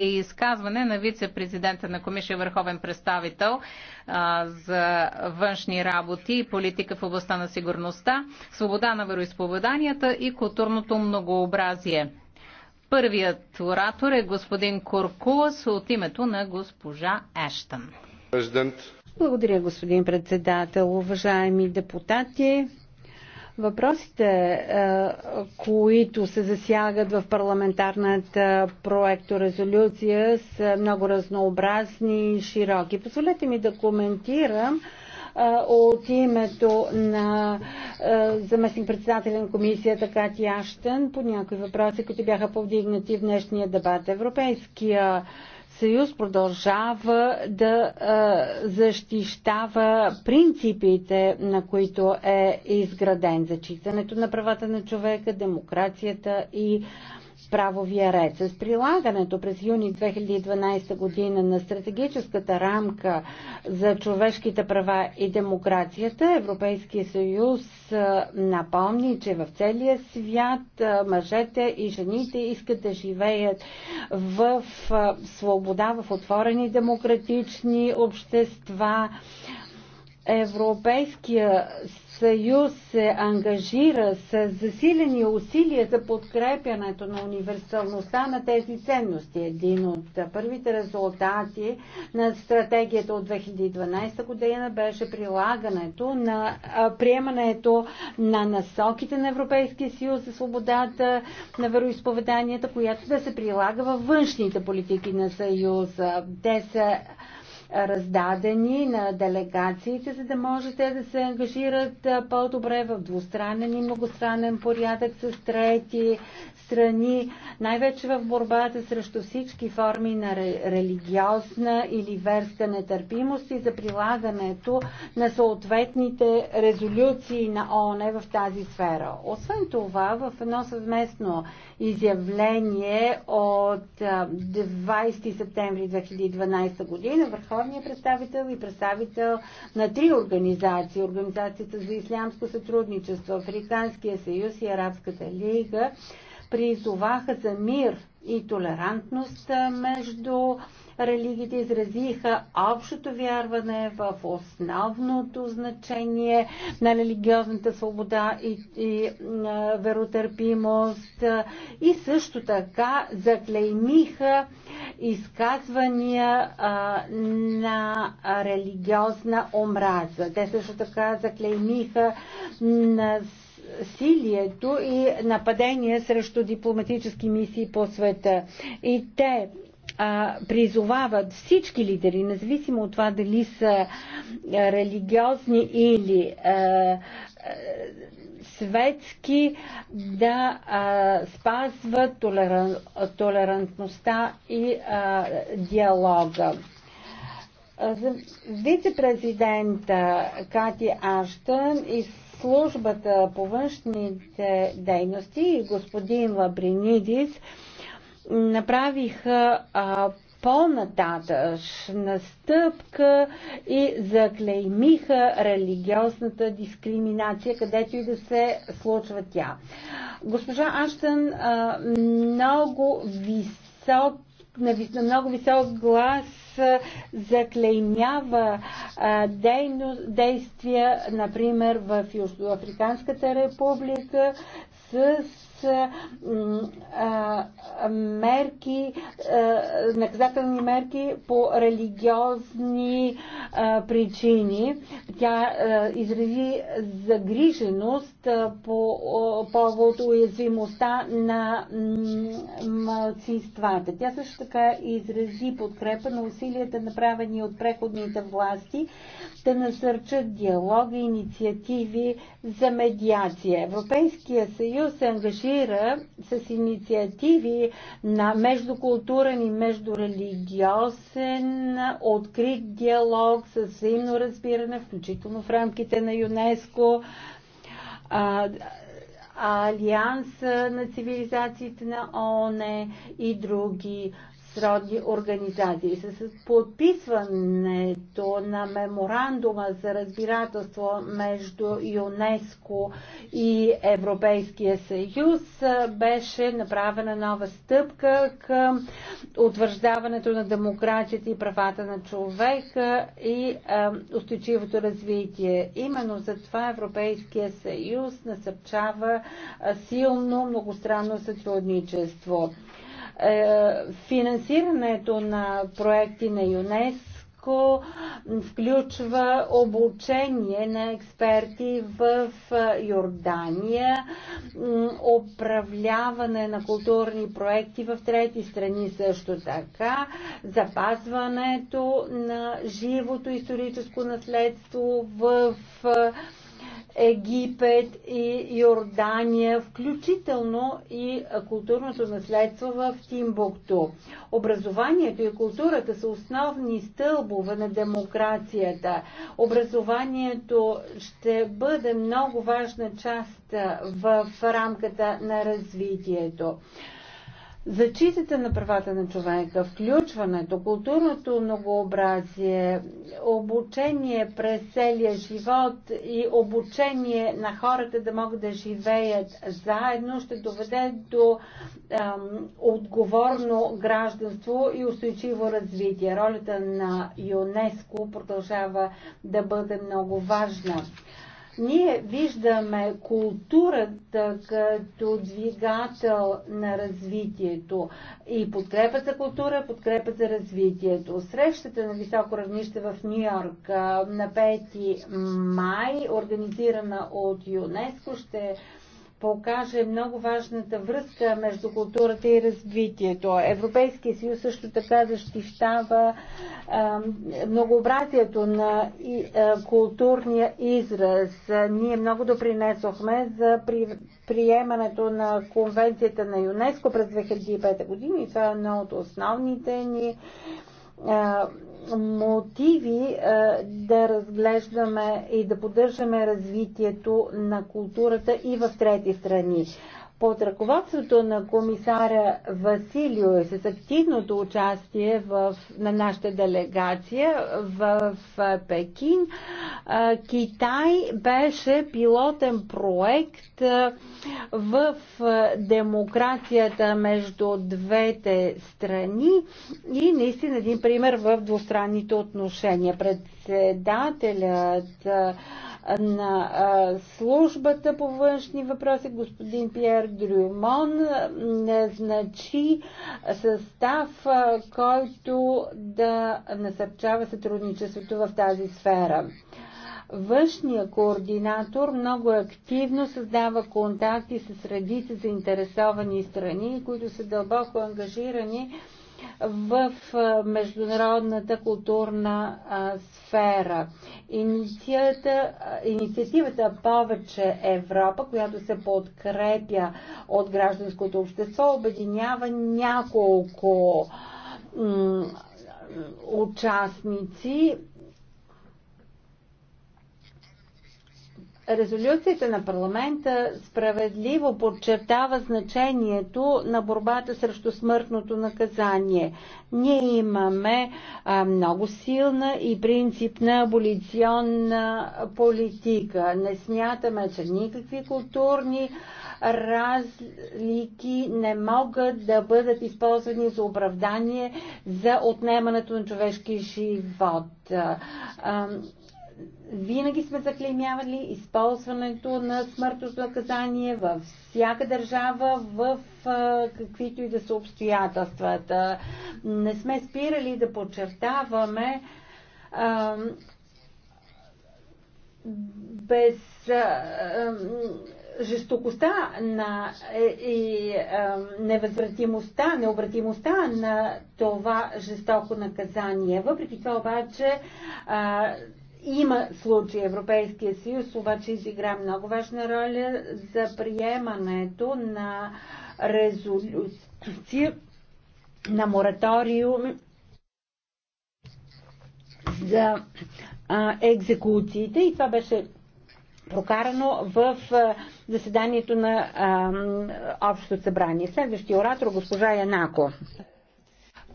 и изказване на вице-президента на Комисия Върховен представител а, за външни работи и политика в областта на сигурността, свобода на вероисповеданията и културното многообразие. Първият оратор е господин Куркулас от името на госпожа Ештън. Благодаря, господин председател. Уважаеми депутати, Въпросите, е, които се засягат в парламентарната проекторезолюция са много разнообразни и широки. Позволете ми да коментирам е, от името на е, заместник председателя на комисията Кати Аштен по някои въпроси, които бяха повдигнати в днешния дебат. Европейския съюз продължава да защищава принципите, на които е изграден зачитането на правата на човека, демокрацията и правовия ред. С прилагането през юни 2012 година на стратегическата рамка за човешките права и демокрацията, Европейския съюз напомни, че в целия свят мъжете и жените искат да живеят в свобода, в отворени демократични общества. Европейския съюз се ангажира с засилени усилия за подкрепянето на универсалността на тези ценности. Един от първите резултати на стратегията от 2012 година беше прилагането на приемането на насоките на Европейския съюз за свободата на вероисповеданията, която да се прилага във външните политики на съюза. Те са раздадени на делегациите, за да може те да се ангажират по-добре в двустранен и многостранен порядък с трети страни, най-вече в борбата срещу всички форми на религиозна или верска нетърпимост и за прилагането на съответните резолюции на ООН в тази сфера. Освен това, в едно съвместно изявление от 20 септември 2012 година, Върховната върховния представител и представител на три организации. Организацията за ислямско сътрудничество, Африканския съюз и Арабската лига призоваха за мир и толерантност между религиите изразиха общото вярване в основното значение на религиозната свобода и, и веротърпимост и също така заклеймиха изказвания а, на религиозна омраза. Те също така заклеймиха на силието и нападение срещу дипломатически мисии по света. И те а, призовават всички лидери, независимо от това дали са а, религиозни или а, а, светски, да а, спазват толеран, толерантността и а, диалога. Вице-президента Кати Аштън и службата по външните дейности и господин Лабринидис направиха а, по-нататъчна стъпка и заклеймиха религиозната дискриминация, където и да се случва тя. Госпожа Аштън а, много висок, на, на много висок глас заклеймява а, дейно, действия, например, в Южноафриканската република с мерки, наказателни мерки по религиозни причини. Тя изрази загриженост по повод уязвимостта на малцинствата. Тя също така изрази подкрепа на усилията, направени от преходните власти, да насърчат диалога и инициативи за медиация. Европейския съюз се ангажира ангажира с инициативи на междукултурен и междурелигиозен открит диалог с взаимно разбиране, включително в рамките на ЮНЕСКО. Алианс на цивилизациите на ООН и други сродни организации. С подписването на меморандума за разбирателство между ЮНЕСКо и Европейския съюз беше направена нова стъпка към утвърждаването на демокрацията и правата на човека и а, устойчивото развитие. Именно за това Европейския съюз насъпчава силно многостранно сътрудничество. Е, финансирането на проекти на ЮНЕСКО включва обучение на експерти в е, Йордания, управляване на културни проекти в трети страни също така, запазването на живото историческо наследство в е, Египет и Йордания, включително и културното наследство в Тимбукту. Образованието и културата са основни стълбове на демокрацията. Образованието ще бъде много важна част в рамката на развитието. Зачитата на правата на човека, включването, културното многообразие, обучение през целия живот и обучение на хората да могат да живеят заедно ще доведе до ем, отговорно гражданство и устойчиво развитие. Ролята на ЮНЕСКО продължава да бъде много важна. Ние виждаме културата като двигател на развитието и подкрепа за култура, подкрепа за развитието. Срещата на високо равнище в Нью Йорк на 5 май, организирана от ЮНЕСКО, ще покаже много важната връзка между културата и развитието. Европейския съюз също така защищава а, многообразието на и, а, културния израз. Ние много допринесохме за при, приемането на конвенцията на ЮНЕСКО през 2005 година и това е едно от основните ни а, мотиви е, да разглеждаме и да поддържаме развитието на културата и в трети страни под ръководството на комисара Василио и с активното участие в, на нашата делегация в, в Пекин, Китай беше пилотен проект в демокрацията между двете страни и наистина един пример в двустранните отношения. Председателят на службата по външни въпроси, господин Пьер Дрюмон, назначи състав, който да насърчава сътрудничеството в тази сфера. Външния координатор много активно създава контакти с редица заинтересовани страни, които са дълбоко ангажирани в международната културна сфера. Инициативата, инициативата Повече Европа, която се подкрепя от гражданското общество, обединява няколко участници Резолюцията на парламента справедливо подчертава значението на борбата срещу смъртното наказание. Ние имаме а, много силна и принципна аболиционна политика. Не смятаме, че никакви културни разлики не могат да бъдат използвани за оправдание за отнемането на човешки живот. А, винаги сме заклеймявали използването на смъртното наказание във всяка държава, в каквито и да са обстоятелствата. Не сме спирали да подчертаваме а, без а, жестокостта на, е, и а, невъзвратимостта, необратимостта на това жестоко наказание. Въпреки това обаче а, има случаи Европейския съюз, обаче изигра много важна роля за приемането на резолюция на мораториум за а, екзекуциите и това беше прокарано в заседанието на а, Общото събрание. Следващия оратор, госпожа Янако.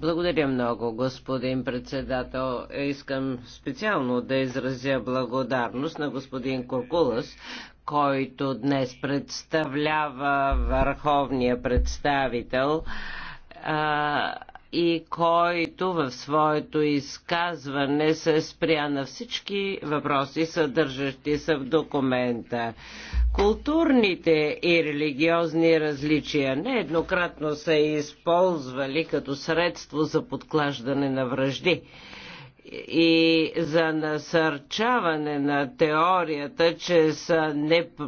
Благодаря много, господин председател. Искам специално да изразя благодарност на господин Куркулас, който днес представлява върховния представител а, и който в своето изказване се спря на всички въпроси, съдържащи се в документа. Културните и религиозни различия нееднократно са използвали като средство за подклаждане на връжди и за насърчаване на теорията, че са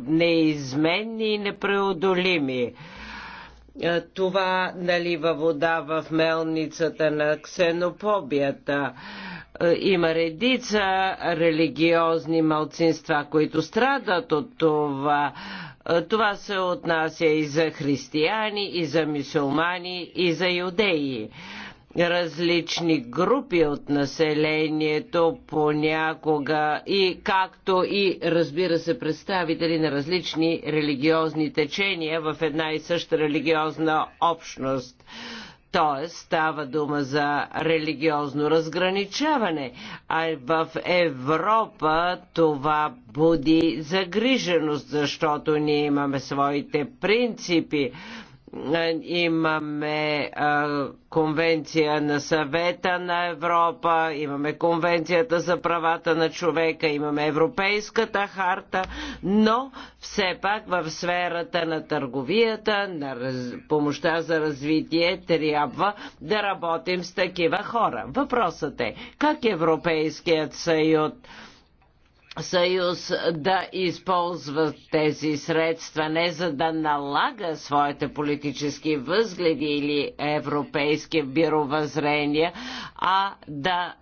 неизменни и непреодолими. Това налива вода в мелницата на ксенофобията е, има редица религиозни малцинства, които страдат от това. Е, това се отнася и за християни, и за мисулмани, и за юдеи. Различни групи от населението понякога и както и разбира се представители на различни религиозни течения в една и съща религиозна общност т.е. става дума за религиозно разграничаване, а в Европа това буди загриженост, защото ние имаме своите принципи, имаме а, конвенция на съвета на Европа, имаме конвенцията за правата на човека, имаме европейската харта, но все пак в сферата на търговията, на раз... помощта за развитие трябва да работим с такива хора. Въпросът е как Европейският съюз съюз да използва тези средства не за да налага своите политически възгледи или европейски бюровъзрения, а да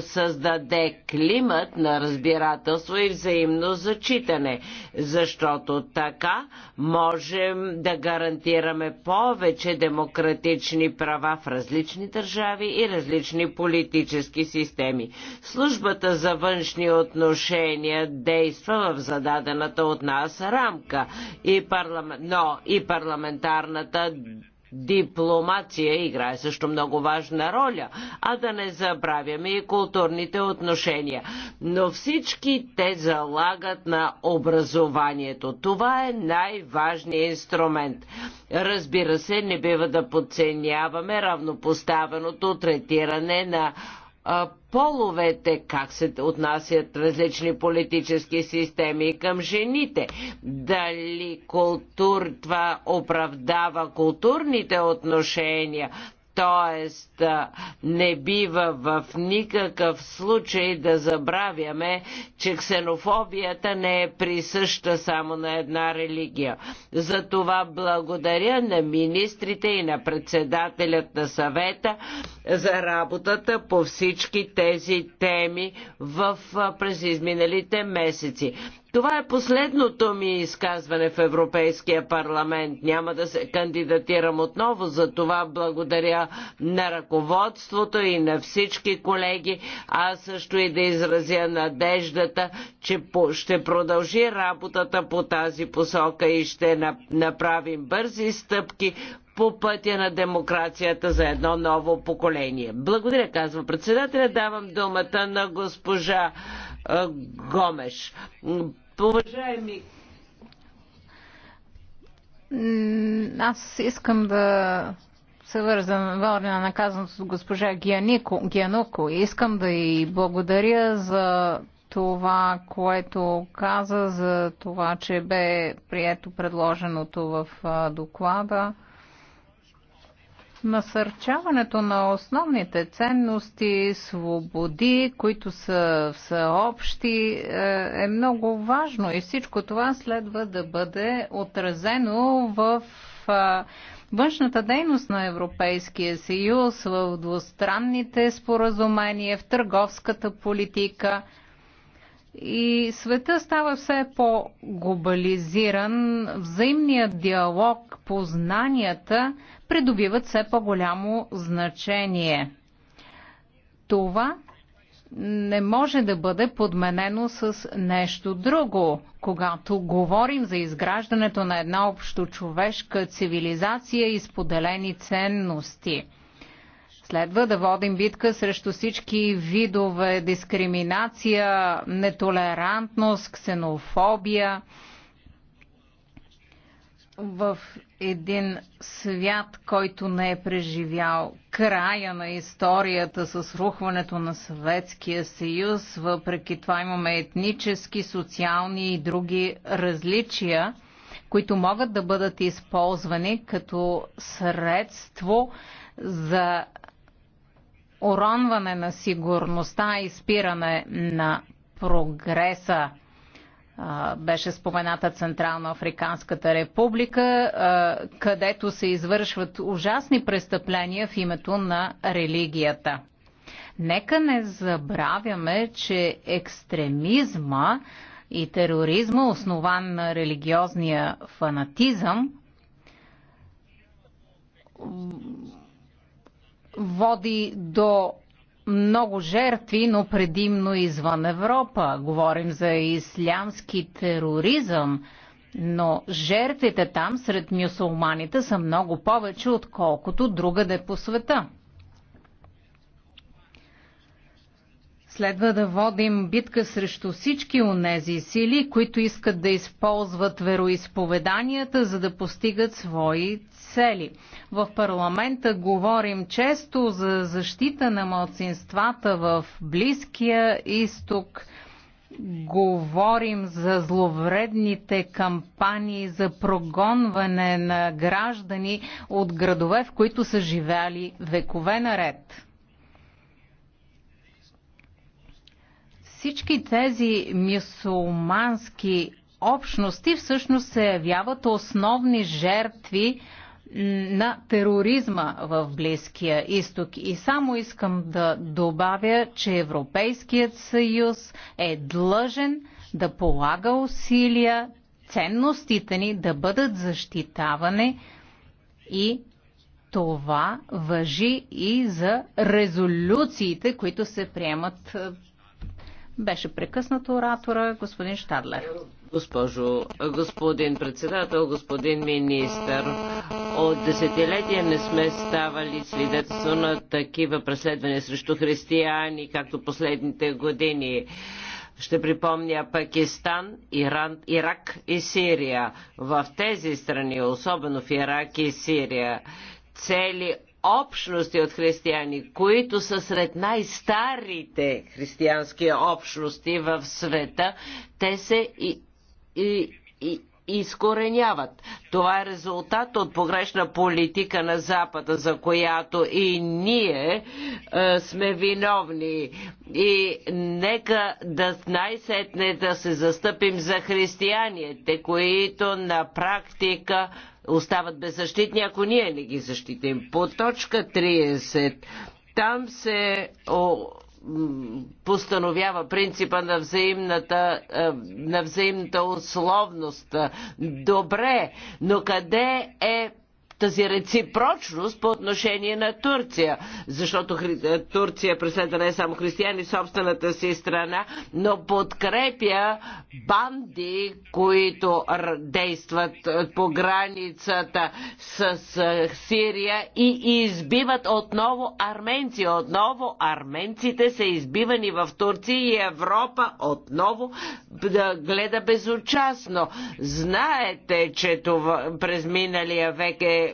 създаде климат на разбирателство и взаимно зачитане, защото така можем да гарантираме повече демократични права в различни държави и различни политически системи. Службата за външни отношения действа в зададената от нас рамка, и парламент... но и парламентарната дипломация играе също много важна роля, а да не забравяме и културните отношения. Но всички те залагат на образованието. Това е най-важният инструмент. Разбира се, не бива да подценяваме равнопоставеното третиране на половете, как се отнасят различни политически системи към жените, дали култур, това оправдава културните отношения, Тоест, не бива в никакъв случай да забравяме, че ксенофобията не е присъща само на една религия. Затова благодаря на министрите и на председателят на съвета за работата по всички тези теми в през изминалите месеци. Това е последното ми изказване в Европейския парламент. Няма да се кандидатирам отново, за това благодаря на ръководството и на всички колеги, а също и да изразя надеждата, че ще продължи работата по тази посока и ще направим бързи стъпки по пътя на демокрацията за едно ново поколение. Благодаря, казва председателя. Давам думата на госпожа Гомеш. Уважаеми аз искам да се вързам върна на казаното от госпожа Гианико, Гианоко. Искам да й благодаря за това, което каза, за това, че бе прието предложеното в доклада. Насърчаването на основните ценности, свободи, които са всеобщи, е, е много важно и всичко това следва да бъде отразено в външната дейност на Европейския съюз, в двустранните споразумения, в търговската политика – и света става все по-глобализиран, взаимният диалог, познанията придобиват все по-голямо значение. Това не може да бъде подменено с нещо друго. Когато говорим за изграждането на една общочовешка цивилизация и споделени ценности – Следва да водим битка срещу всички видове дискриминация, нетолерантност, ксенофобия в един свят, който не е преживял края на историята с рухването на Съветския съюз, въпреки това имаме етнически, социални и други различия, които могат да бъдат използвани като средство за уронване на сигурността и спиране на прогреса. Беше спомената Централно Африканската република, където се извършват ужасни престъпления в името на религията. Нека не забравяме, че екстремизма и тероризма, основан на религиозния фанатизъм, води до много жертви, но предимно извън Европа. Говорим за ислямски тероризъм, но жертвите там сред мюсулманите са много повече, отколкото другаде по света. Следва да водим битка срещу всички онези сили, които искат да използват вероисповеданията, за да постигат свои цели. В парламента говорим често за защита на младсинствата в Близкия изток. Говорим за зловредните кампании за прогонване на граждани от градове, в които са живяли векове наред. Всички тези мюсулмански общности всъщност се явяват основни жертви на тероризма в Близкия изток. И само искам да добавя, че Европейският съюз е длъжен да полага усилия ценностите ни да бъдат защитавани и това въжи и за резолюциите, които се приемат. Беше прекъснато оратора господин Штадлер. Госпожо, господин председател, господин министър, от десетилетия не сме ставали свидетелство на такива преследвания срещу християни, както последните години. Ще припомня Пакистан, Иран, Ирак и Сирия. В тези страни, особено в Ирак и Сирия, цели общности от християни, които са сред най-старите християнски общности в света, те се и и, и изкореняват. Това е резултат от погрешна политика на Запада, за която и ние е, сме виновни. И нека да най-сетне да се застъпим за християните, които на практика остават беззащитни, ако ние не ги защитим. По точка 30 там се о, постановява принципа на взаимната, е, на взаимната условност. Добре, но къде е тази реципрочност по отношение на Турция, защото е, Турция е преследва не само християни в собствената си страна, но подкрепя банди, които действат е, по границата с Сирия и избиват отново арменци. Отново арменците са избивани в Турция и Европа отново гледа безучастно. Знаете, че това през миналия век е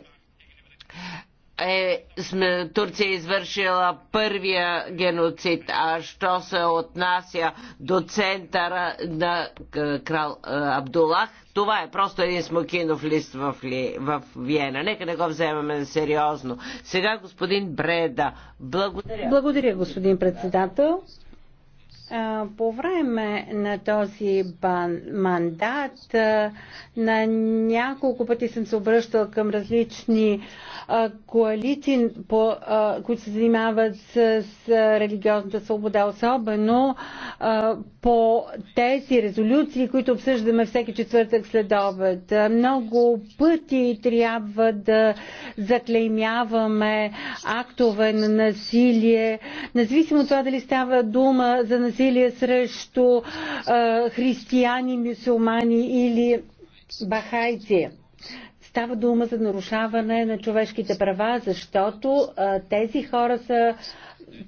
е, сме, Турция е извършила първия геноцид, а що се отнася до центъра на е, крал е, Абдулах, това е просто един смокинов лист в, ли, в Виена. Нека не го вземаме сериозно. Сега господин Бреда. Благодаря. Благодаря, господин председател. По време на този бан, мандат на няколко пъти съм се обръщал към различни коалиции, които се занимават с, с религиозната свобода, особено по тези резолюции, които обсъждаме всеки четвъртък след обед. Много пъти трябва да заклеймяваме актове на насилие, независимо от това дали става дума за насилие насилие срещу християни, мюсюлмани или бахайци. Става дума за нарушаване на човешките права, защото тези хора са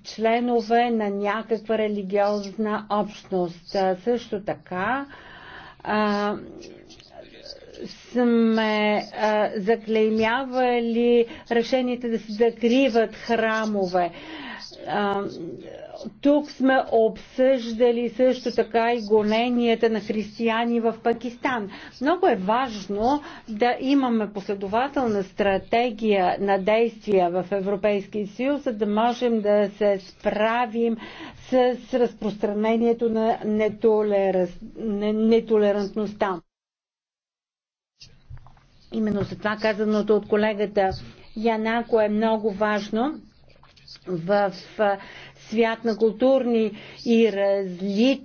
членове на някаква религиозна общност. Също така а, сме а, заклеймявали решенията да се закриват храмове. А, тук сме обсъждали също така и гоненията на християни в Пакистан. Много е важно да имаме последователна стратегия на действия в Европейския съюз, за да можем да се справим с разпространението на нетолерантността. Именно за това казаното от колегата Янако е много важно в свят на културни и, различ,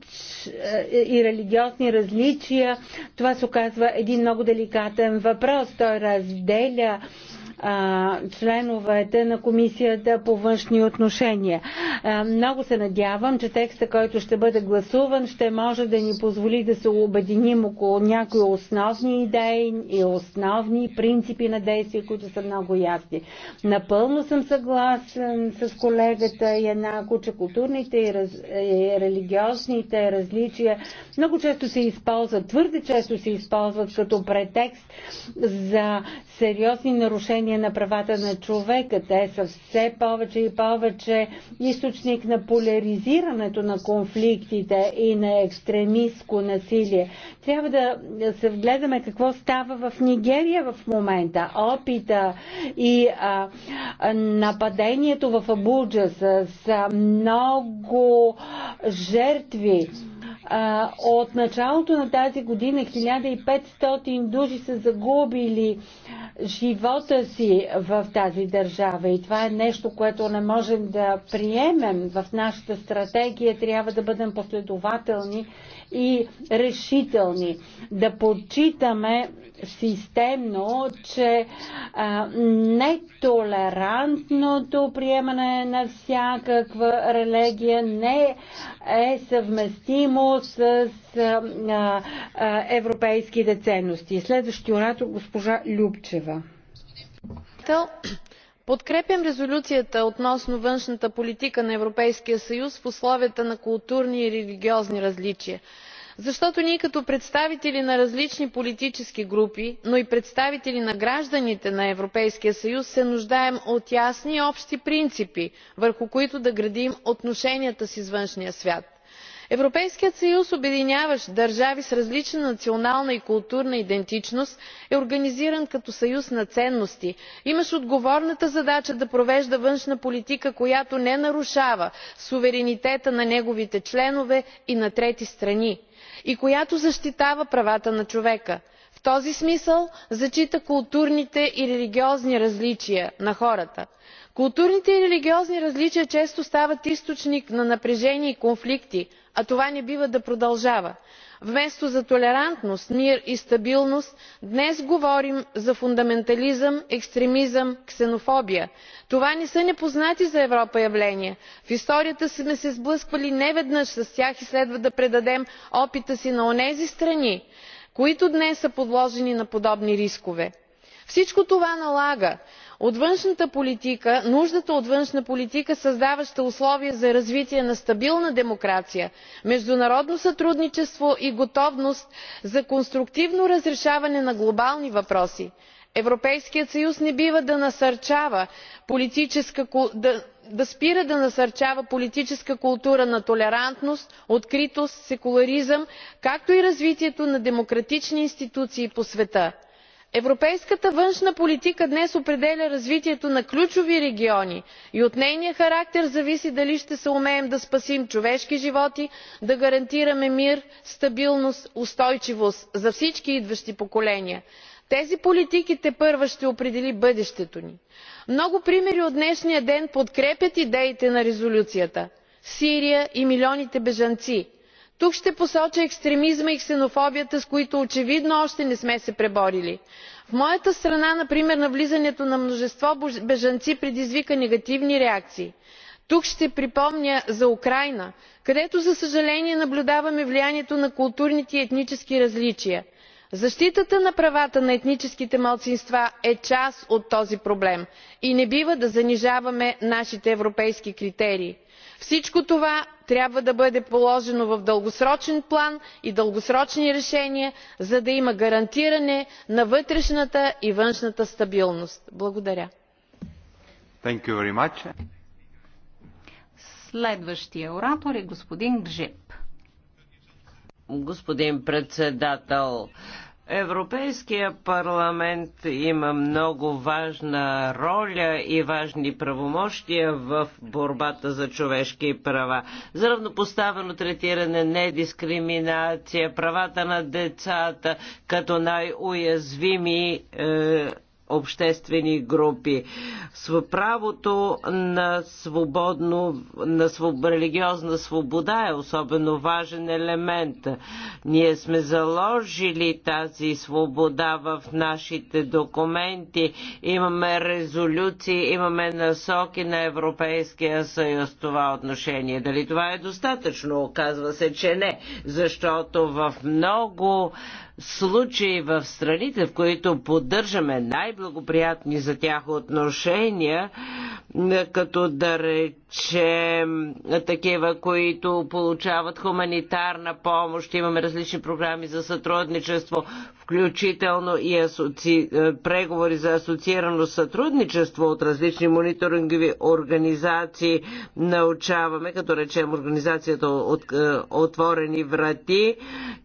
и религиозни различия, това се оказва един много деликатен въпрос. Той разделя а, членовете на Комисията по външни отношения. А, много се надявам, че текста, който ще бъде гласуван, ще може да ни позволи да се обединим около някои основни идеи и основни принципи на действие, които са много ясни. Напълно съм съгласен с колегата Янако, че културните и, раз... и религиозните различия много често се използват, твърде често се използват като претекст за сериозни нарушения на правата на човека. Те са все повече и повече източник на поляризирането на конфликтите и на екстремистско насилие. Трябва да се вгледаме какво става в Нигерия в момента. Опита и а, нападението в Абуджа с, с много жертви. от началото на тази година 1500 души са загубили живота си в тази държава. И това е нещо, което не можем да приемем в нашата стратегия. Трябва да бъдем последователни и решителни. Да подчитаме системно, че а, нетолерантното приемане на всякаква религия не е съвместимо с а, а, европейските ценности. Следващия оратор госпожа Любчева. Подкрепям резолюцията относно външната политика на Европейския съюз в условията на културни и религиозни различия, защото ние като представители на различни политически групи, но и представители на гражданите на Европейския съюз се нуждаем от ясни и общи принципи, върху които да градим отношенията си с външния свят европейският съюз обединяващ държави с различна национална и културна идентичност е организиран като съюз на ценности имащ отговорната задача да провежда външна политика която не нарушава суверенитета на неговите членове и на трети страни и която защитава правата на човека. в този смисъл зачита културните и религиозни различия на хората. културните и религиозни различия често стават източник на напрежение и конфликти а това не бива да продължава. вместо за толерантност мир и стабилност днес говорим за фундаментализъм екстремизъм ксенофобия. това не са непознати за европа явления. в историята сме се сблъсквали неведнъж с тях и следва да предадем опита си на онези страни които днес са подложени на подобни рискове. всичко това налага нуждата от външна политика създаваща условия за развитие на стабилна демокрация международно сътрудничество и готовност за конструктивно разрешаване на глобални въпроси. европейският съюз не бива да спира да насърчава политическа култура на толерантност откритост секуларизъм както и развитието на демократични институции по света европейската външна политика днес определя развитието на ключови региони и от нейния характер зависи дали ще съумеем да спасим човешки животи да гарантираме мир стабилност устойчивост за всички идващи поколения. тези политики тепърва ще определят бъдещето ни. много примери от днешния ден подкрепят идеите на резолюцията сирия и милионите бежанци; тук ще посоча екстремизма и ксенофобията с които очевидно още не сме се преборили. в моята страна например навлизането на множество бежанци предизвика негативни реакции. тук ще припомня за украйна където за съжаление наблюдаваме влиянието на културните и етнически различия. защитата на правата на етническите малцинства е част от този проблем и не бива да занижаваме нашите европейски критерии. всичко това трябва да бъде положено в дългосрочен план и дългосрочни решения за да има гарантиране на вътрешната и външната стабилност. благодаря. Следващия оратор е господин Господин председател, Европейския парламент има много важна роля и важни правомощия в борбата за човешки права. За равнопоставено третиране, недискриминация, правата на децата като най-уязвими е, обществени групи. С правото на свободно, на своб, религиозна свобода е особено важен елемент. Ние сме заложили тази свобода в нашите документи. Имаме резолюции, имаме насоки на Европейския съюз това отношение. Дали това е достатъчно? Оказва се, че не, защото в много случаи в страните, в които поддържаме най-благоприятни за тях отношения, като да речем че такива, които получават хуманитарна помощ, имаме различни програми за сътрудничество, включително и асоци... Е, преговори за асоциирано сътрудничество от различни мониторингови организации научаваме, като речем организацията от е, Отворени врати,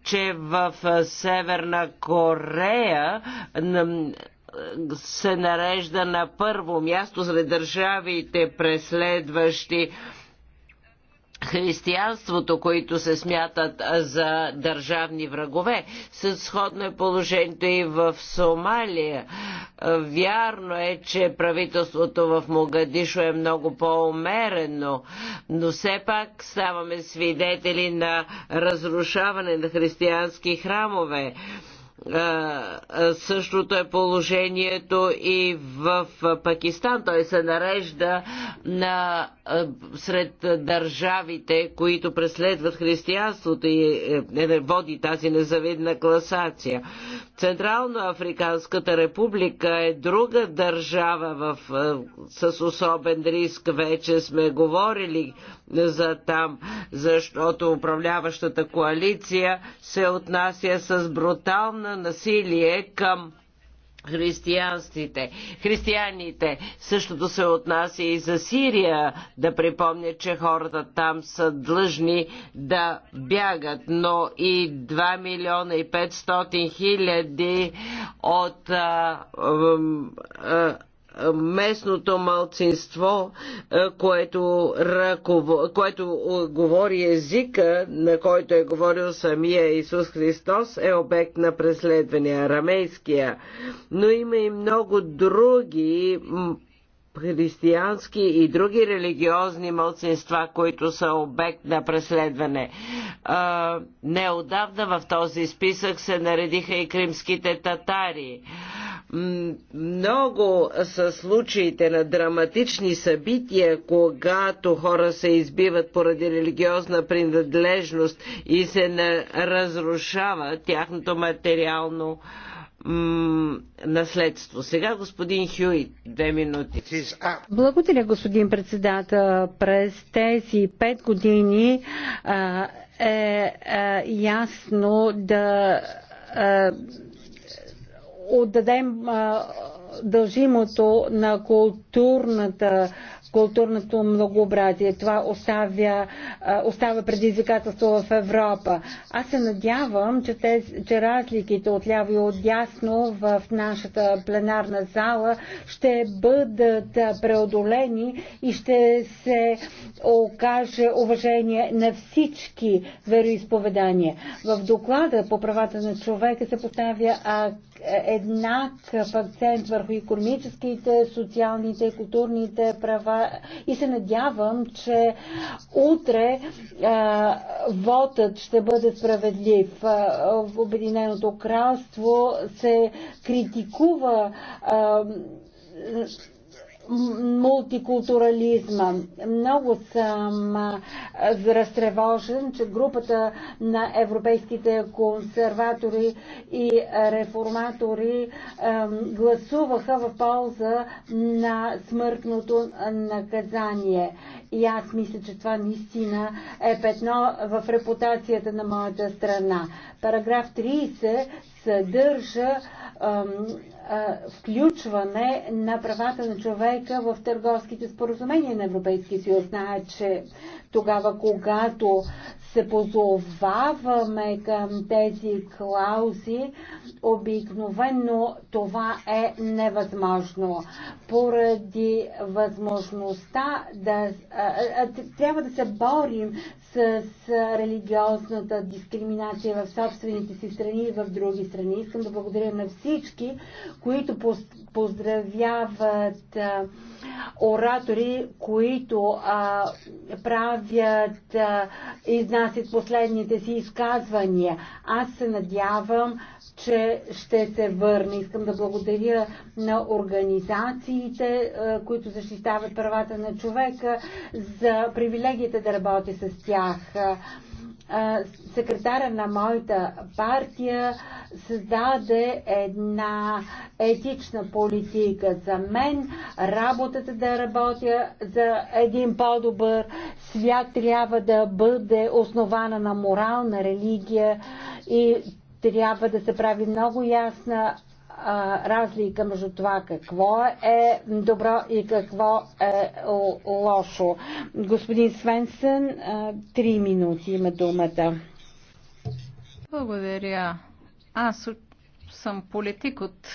че в е, Северна Корея се нарежда на първо място сред държавите, преследващи християнството, които се смятат за държавни врагове. Сходно е положението и в Сомалия. Вярно е, че правителството в Могадишо е много по-умерено, но все пак ставаме свидетели на разрушаване на християнски храмове Същото е положението и в Пакистан. Той се нарежда на, сред държавите, които преследват християнството и е, е, води тази незавидна класация. Централно Африканската република е друга държава в, с особен риск. Вече сме говорили за там, защото управляващата коалиция се отнася с брутална на насилие към християнските. християните. Същото се отнася и за Сирия, да припомня, че хората там са длъжни да бягат, но и 2 милиона и 500 хиляди от а, а, местното малцинство, е, което, ръково, което е, говори езика, на който е говорил самия Исус Христос, е обект на преследвания, арамейския. Но има и много други християнски и други религиозни мълцинства, които са обект на преследване. неодавна в този списък се наредиха и кримските татари. Много са случаите на драматични събития, когато хора се избиват поради религиозна принадлежност и се разрушава тяхното материално наследство. Сега господин Хюи, две минути. Благодаря, господин председател. През тези пет години а, е, ясно да а, отдадем а, дължимото на културната културното многообразие. Това оставя, остава предизвикателство в Европа. Аз се надявам, че, те, че разликите от ляво и от дясно в нашата пленарна зала ще бъдат преодолени и ще се окаже уважение на всички вероисповедания. В доклада по правата на човека се поставя еднак акцент върху економическите, социалните и културните права и се надявам, че утре а, вотът ще бъде справедлив. В Обединеното кралство се критикува а, мултикултурализма. Много съм разтревожен, че групата на европейските консерватори и реформатори гласуваха в полза на смъртното наказание. И аз мисля, че това наистина е петно в репутацията на моята страна. Параграф 30 съдържа а, а, включване на правата на човека в търговските споразумения на Европейския съюз. Знае, че тогава, когато се позоваваме към тези клаузи, обикновено това е невъзможно. Поради възможността да. Трябва да се борим с религиозната дискриминация в собствените си страни и в други страни. Искам да благодаря на всички, които поздравяват оратори, които а, правят, а, изнасят последните си изказвания. Аз се надявам, че ще се върне. Искам да благодаря на организациите, които защитават правата на човека, за привилегията да работя с тях секретара на моята партия създаде една етична политика за мен. Работата да работя за един по-добър свят трябва да бъде основана на морална религия и трябва да се прави много ясна а, разлика между това какво е добро и какво е лошо. Господин Свенсън, три минути има думата. Благодаря. Аз съм политик от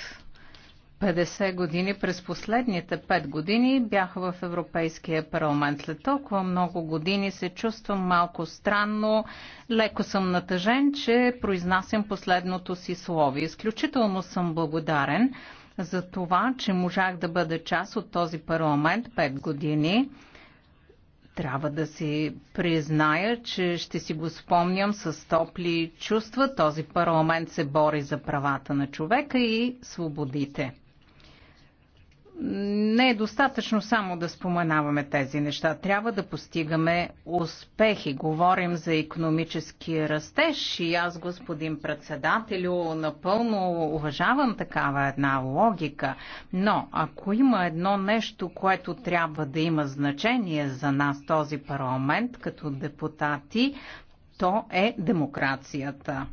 50 години, през последните 5 години бях в Европейския парламент. След толкова много години се чувствам малко странно, леко съм натъжен, че произнасям последното си слово. Изключително съм благодарен за това, че можах да бъда част от този парламент 5 години. Трябва да си призная, че ще си го спомням с топли чувства. Този парламент се бори за правата на човека и свободите не е достатъчно само да споменаваме тези неща. Трябва да постигаме успехи. Говорим за економически растеж и аз, господин председателю, напълно уважавам такава една логика. Но ако има едно нещо, което трябва да има значение за нас, този парламент, като депутати, то е демокрацията.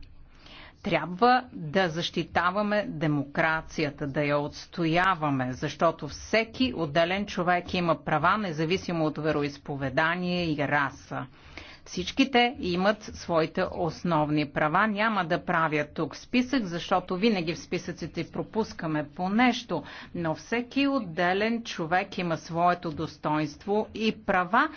Трябва да защитаваме демокрацията, да я отстояваме, защото всеки отделен човек има права, независимо от вероисповедание и раса. Всичките имат своите основни права. Няма да правя тук списък, защото винаги в списъците пропускаме по нещо, но всеки отделен човек има своето достоинство и права,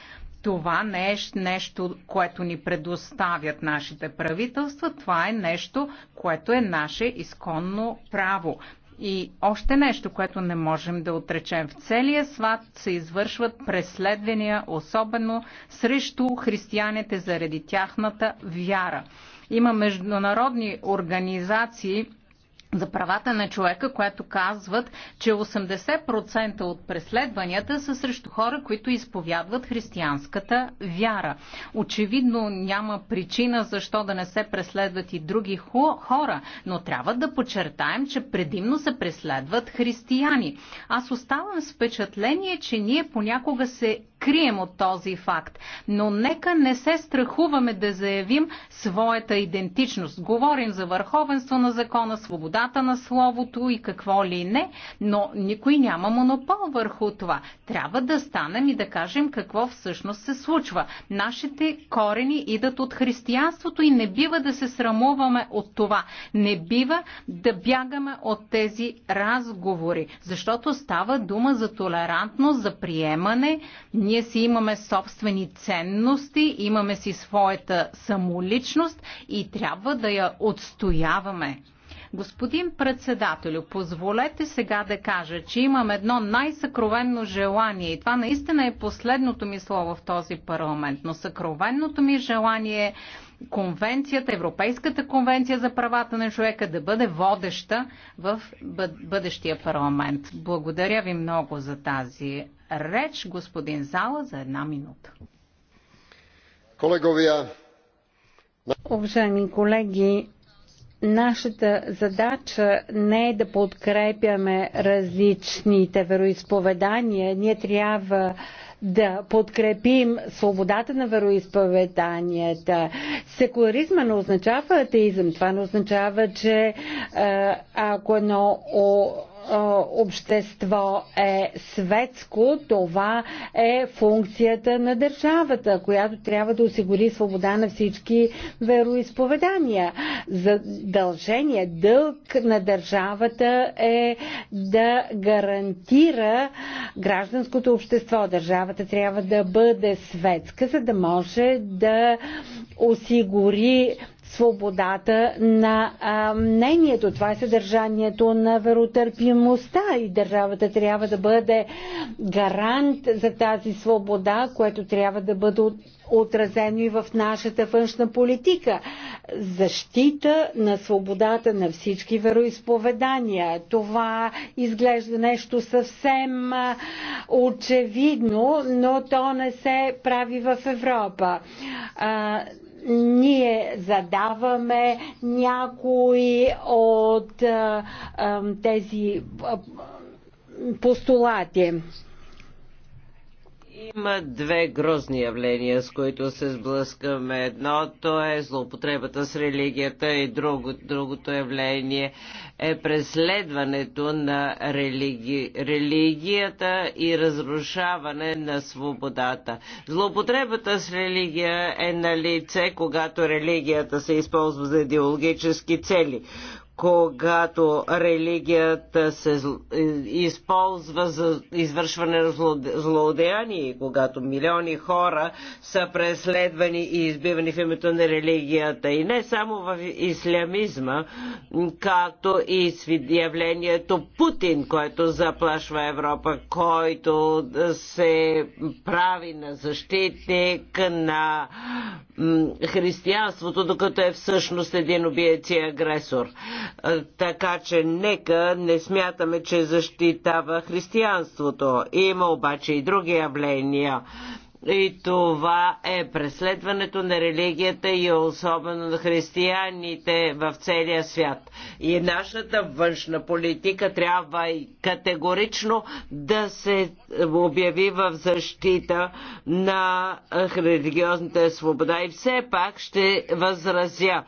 това не е нещо, което ни предоставят нашите правителства, това е нещо, което е наше изконно право. И още нещо, което не можем да отречем. В целия свят се извършват преследвания, особено срещу християните заради тяхната вяра. Има международни организации, за правата на човека, което казват, че 80% от преследванията са срещу хора, които изповядват християнската вяра. Очевидно няма причина защо да не се преследват и други хора, но трябва да подчертаем, че предимно се преследват християни. Аз оставам с впечатление, че ние понякога се крием от този факт. Но нека не се страхуваме да заявим своята идентичност. Говорим за върховенство на закона, свободата на словото и какво ли не, но никой няма монопол върху това. Трябва да станем и да кажем какво всъщност се случва. Нашите корени идат от християнството и не бива да се срамуваме от това. Не бива да бягаме от тези разговори, защото става дума за толерантност, за приемане. Ние си имаме собствени ценности, имаме си своята самоличност и трябва да я отстояваме. Господин председателю, позволете сега да кажа, че имам едно най-съкровенно желание и това наистина е последното ми слово в този парламент, но съкровенното ми желание е конвенцията, Европейската конвенция за правата на човека да бъде водеща в бъдещия парламент. Благодаря ви много за тази реч господин Зала за една минута. Колеговия. Уважаеми колеги, Нашата задача не е да подкрепяме различните вероисповедания. Ние трябва да подкрепим свободата на вероисповеданията. Секуларизма не означава атеизъм. Това не означава, че ако едно общество е светско, това е функцията на държавата, която трябва да осигури свобода на всички вероисповедания. Задължение, дълг на държавата е да гарантира гражданското общество. Държавата трябва да бъде светска, за да може да осигури свободата на а, мнението. Това е съдържанието на веротърпимостта и държавата трябва да бъде гарант за тази свобода, което трябва да бъде отразено и в нашата външна политика. Защита на свободата на всички вероисповедания. Това изглежда нещо съвсем очевидно, но то не се прави в Европа ние задаваме някои от тези постулати. Има две грозни явления, с които се сблъскаме. Едното е злоупотребата с религията и друго, другото явление е преследването на религи, религията и разрушаване на свободата. Злоупотребата с религия е на лице, когато религията се използва за идеологически цели когато религията се е, използва за извършване на злоодеяние, когато милиони хора са преследвани и избивани в името на религията. И не само в ислямизма, както и с явлението Путин, който заплашва Европа, който се прави на защитник на християнството, докато е всъщност един убиец и агресор така че нека не смятаме, че защитава християнството. Има обаче и други явления. И това е преследването на религията и особено на християните в целия свят. И нашата външна политика трябва и категорично да се обяви в защита на религиозната свобода. И все пак ще възразя,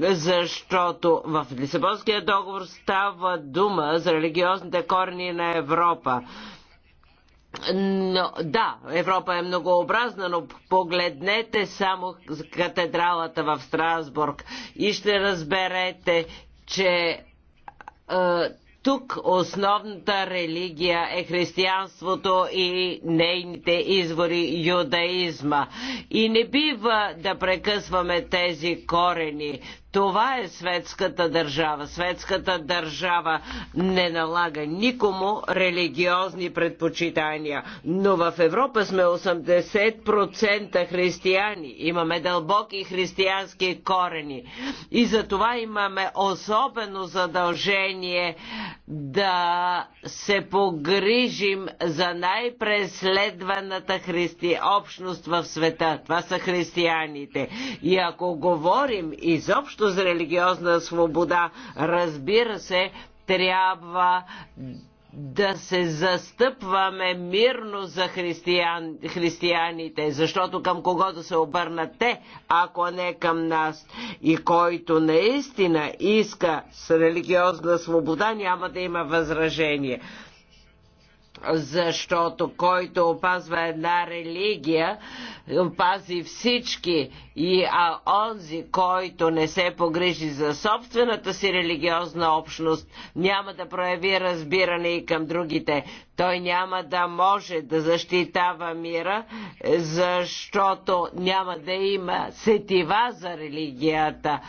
защото в Лисабонския договор става дума за религиозните корни на Европа но, да, Европа е многообразна, но погледнете само катедралата в Страсбург и ще разберете, че е, тук основната религия е християнството и нейните извори юдаизма. И не бива да прекъсваме тези корени. Това е светската държава. Светската държава не налага никому религиозни предпочитания. Но в Европа сме 80% християни. Имаме дълбоки християнски корени. И за това имаме особено задължение да се погрижим за най-преследваната христи... общност в света. Това са християните. И ако говорим изобщо нищо с религиозна свобода. Разбира се, трябва да се застъпваме мирно за християн, християните, защото към кого да се обърнат те, ако не към нас. И който наистина иска с религиозна свобода, няма да има възражение защото който опазва една религия, опази всички. И а онзи, който не се погрижи за собствената си религиозна общност, няма да прояви разбиране и към другите. Той няма да може да защитава мира, е, защото няма да има сетива за религията.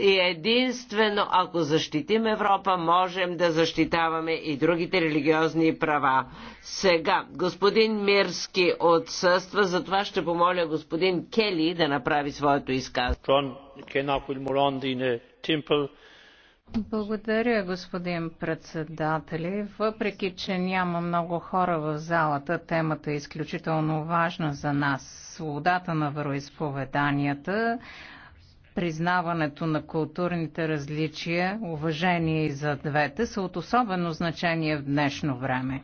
И единствено, ако защитим Европа, можем да защитаваме и другите религиозни права. Сега, господин Мирски отсъства, затова ще помоля господин Кели да направи своето изказване. Благодаря, господин председател. Въпреки, че няма много хора в залата, темата е изключително важна за нас. Свободата на вероисповеданията, признаването на културните различия, уважение и за двете са от особено значение в днешно време.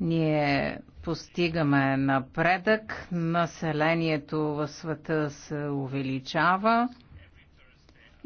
Ние постигаме напредък, населението в света се увеличава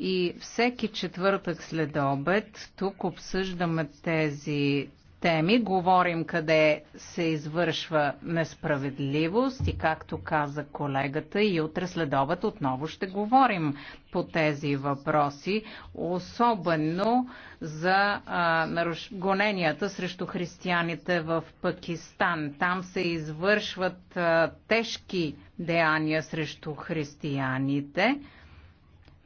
и всеки четвъртък след обед тук обсъждаме тези теми, говорим къде се извършва несправедливост и както каза колегата и утре след обед отново ще говорим по тези въпроси, особено за а, гоненията срещу християните в Пакистан. Там се извършват а, тежки деяния срещу християните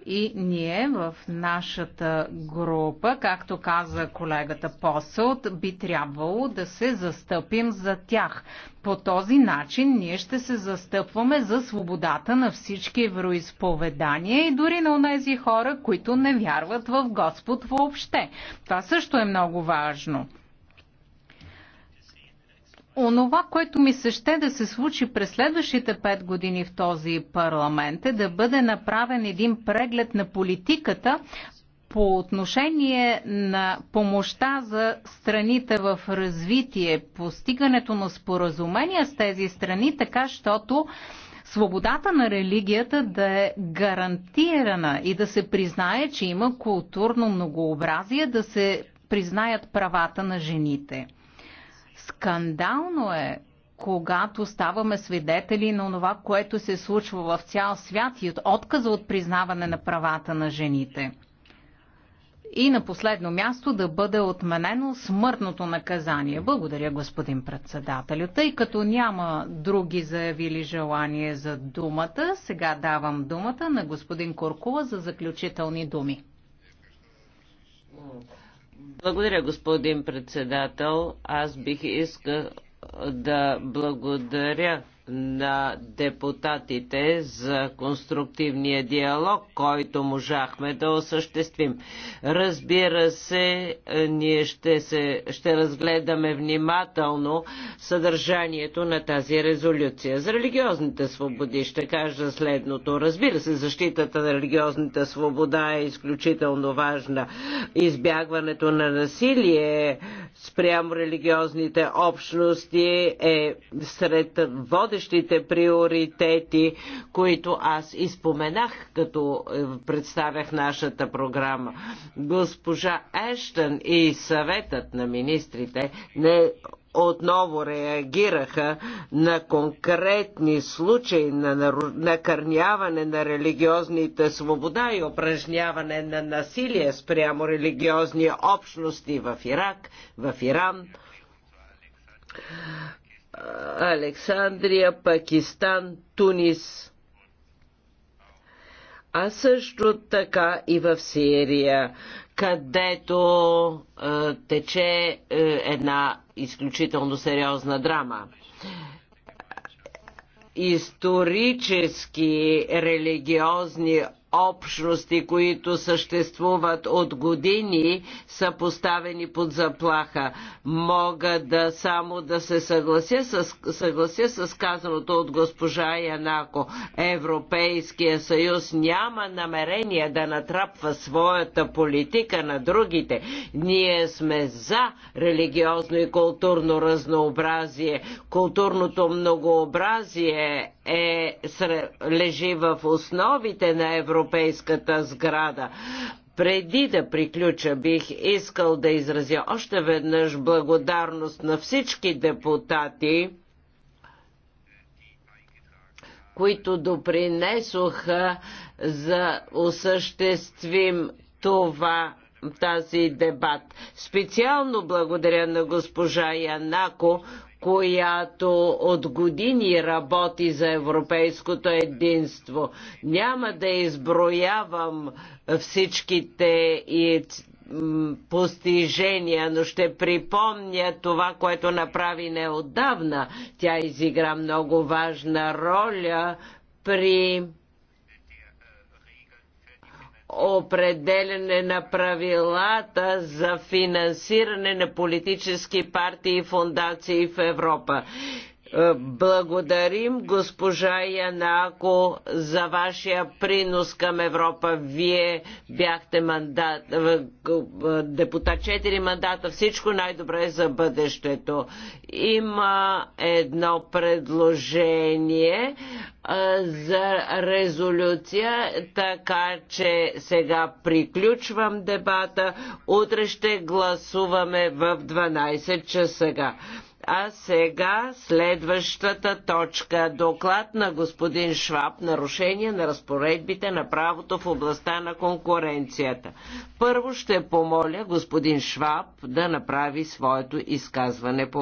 и ние в нашата група, както каза колегата Посълт, би трябвало да се застъпим за тях. По този начин ние ще се застъпваме за свободата на всички вероисповедания и дори на тези хора, които не вярват в Господ въобще. Това също е много важно. Онова, което ми се ще да се случи през следващите пет години в този парламент е да бъде направен един преглед на политиката по отношение на помощта за страните в развитие, постигането на споразумения с тези страни, така щото свободата на религията да е гарантирана и да се признае, че има културно многообразие, да се признаят правата на жените. Скандално е, когато ставаме свидетели на това, което се случва в цял свят и от отказа от признаване на правата на жените. И на последно място да бъде отменено смъртното наказание. Благодаря, господин председателю. Тъй като няма други заявили желание за думата, сега давам думата на господин Куркула за заключителни думи. Благодаря, господин председател. Аз бих искал да благодаря на депутатите за конструктивния диалог, който можахме да осъществим. Разбира се, ние ще, се, ще разгледаме внимателно съдържанието на тази резолюция. За религиозните свободи ще кажа следното. Разбира се, защитата на религиозната свобода е изключително важна. Избягването на насилие спрямо религиозните общности е сред водещите същите приоритети, които аз изпоменах, като е, представях нашата програма. Госпожа Ештън и съветът на министрите не отново реагираха на конкретни случаи на накърняване на религиозните свобода и упражняване на насилие спрямо религиозни общности в Ирак, в Иран. Александрия, Пакистан, Тунис. А също така и в Сирия, където е, тече е, една изключително сериозна драма исторически религиозни общности, които съществуват от години, са поставени под заплаха. Мога да само да се съглася с, съглася с казаното от госпожа Янако. Европейския съюз няма намерение да натрапва своята политика на другите. Ние сме за религиозно и културно разнообразие. Културното многообразие е, лежи в основите на Европейския европейската сграда. Преди да приключа, бих искал да изразя още веднъж благодарност на всички депутати, които допринесоха за осъществим това тази дебат. Специално благодаря на госпожа Янако, която от години работи за европейското единство. Няма да изброявам всичките и постижения, но ще припомня това, което направи неотдавна. Тя изигра много важна роля при определене на правилата за финансиране на политически партии и фундации в Европа. Благодарим госпожа Янако за вашия принос към Европа. Вие бяхте мандат, депутат 4 мандата. Всичко най-добре за бъдещето. Има едно предложение за резолюция, така че сега приключвам дебата. Утре ще гласуваме в 12 часа. сега. А сега следващата точка. Доклад на господин Шваб. Нарушение на разпоредбите на правото в областта на конкуренцията. Първо ще помоля господин Шваб да направи своето изказване по